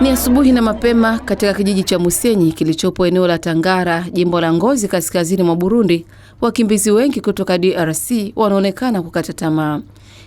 Ni asubuhi na mapema katika kijiji cha Musenyi kilichopo eneo la Tangara, jimbo la Ngozi, kaskazini mwa Burundi. Wakimbizi wengi kutoka DRC wanaonekana kukata tamaa.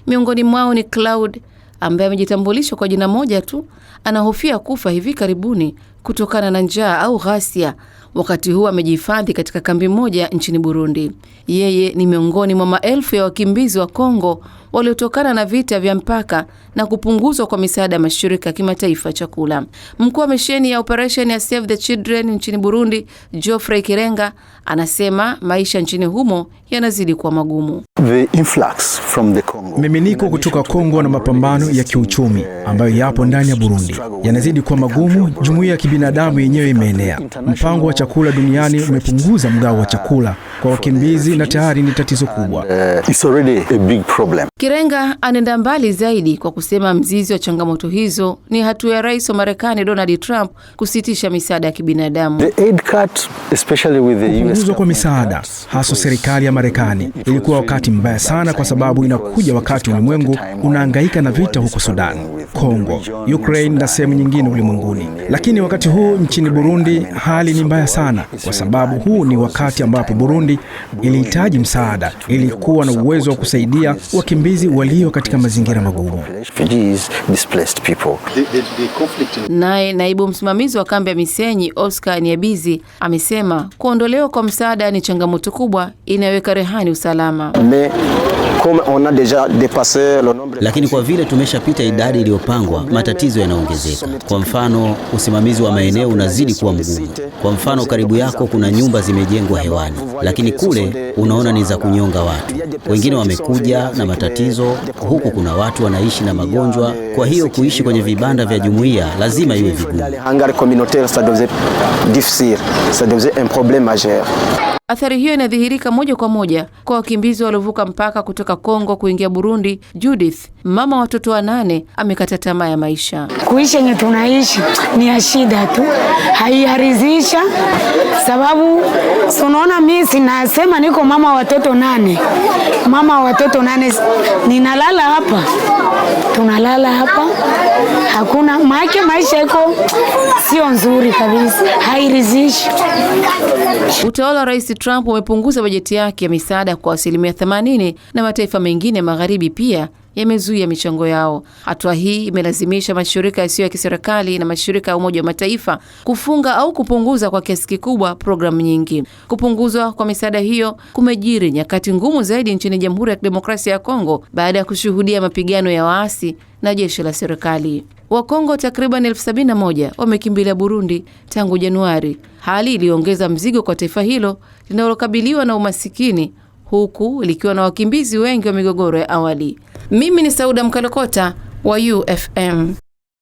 Miongoni mwao ni Cloud ambaye amejitambulisha kwa jina moja tu. Anahofia kufa hivi karibuni kutokana na njaa au ghasia, wakati huu amejihifadhi katika kambi moja nchini Burundi. Yeye ni miongoni mwa maelfu ya wakimbizi wa Kongo waliotokana na vita vya mpaka na kupunguzwa kwa misaada ya mashirika ya kimataifa ya chakula. Mkuu wa misheni ya operesheni ya Save the Children nchini Burundi, Geoffrey Kirenga, anasema maisha nchini humo yanazidi kuwa magumu. Miminiko kutoka Kongo na mapambano ya kiuchumi eh, ambayo yapo ndani ya Burundi yanazidi kuwa magumu. Jumuiya ya kibinadamu yenyewe imeenea mpango wa chakula duniani umepunguza mgao wa chakula kwa wakimbizi na tayari ni tatizo kubwa. Uh, Kirenga anaenda mbali zaidi kwa kusema mzizi wa changamoto hizo ni hatua ya rais wa Marekani Donald Trump kusitisha misaada ya kibinadamu. Kupunguzwa kwa misaada haswa serikali ya Marekani ilikuwa wakati mbaya sana, kwa sababu inakuja wakati ulimwengu unaangaika na vita huko Sudan, Kongo, Ukraine na sehemu nyingine ulimwenguni. Lakini wakati huu nchini Burundi hali ni mbaya uh, sana, kwa sababu huu ni wakati ambapo Burundi serikali ilihitaji msaada ili kuwa na uwezo wa kusaidia wakimbizi walio katika mazingira magumu. Naye naibu msimamizi wa kambi ya Misenyi Oscar niabizi amesema kuondolewa kwa msaada ni changamoto kubwa inayoweka rehani usalama Me. Lakini kwa vile tumeshapita idadi iliyopangwa, matatizo yanaongezeka. Kwa mfano, usimamizi wa maeneo unazidi kuwa mgumu. Kwa mfano, karibu yako kuna nyumba zimejengwa hewani, lakini kule unaona ni za kunyonga watu. Wengine wamekuja na matatizo, huku kuna watu wanaishi na magonjwa. Kwa hiyo kuishi kwenye vibanda vya jumuiya lazima iwe vigumu. Athari hiyo inadhihirika moja kwa moja kwa wakimbizi waliovuka mpaka kutoka Kongo kuingia Burundi. Judith, mama watoto wanane, amekata tamaa ya maisha. Kuishi yenye tunaishi ni ya shida tu, haiharizisha sababu sunaona mimi sinasema niko mama watoto nane, mama watoto nane, ninalala hapa, tunalala hapa, hakuna maake, maisha iko sio nzuri kabisa, hairidhishi. Utawala wa Rais Trump umepunguza bajeti yake ya misaada kwa asilimia 80 na mataifa mengine magharibi pia yamezuia michango yao. Hatua hii imelazimisha mashirika yasiyo ya kiserikali na mashirika ya Umoja wa Mataifa kufunga au kupunguza kwa kiasi kikubwa programu nyingi. Kupunguzwa kwa misaada hiyo kumejiri nyakati ngumu zaidi nchini Jamhuri ya Kidemokrasia ya Kongo baada ya kushuhudia mapigano ya waasi na jeshi la serikali. Wakongo takriban elfu sabini na moja wamekimbilia Burundi tangu Januari, hali iliyoongeza mzigo kwa taifa hilo linalokabiliwa na umasikini huku likiwa na wakimbizi wengi wa migogoro ya awali. Mimi ni Sauda Mkalokota wa UFM.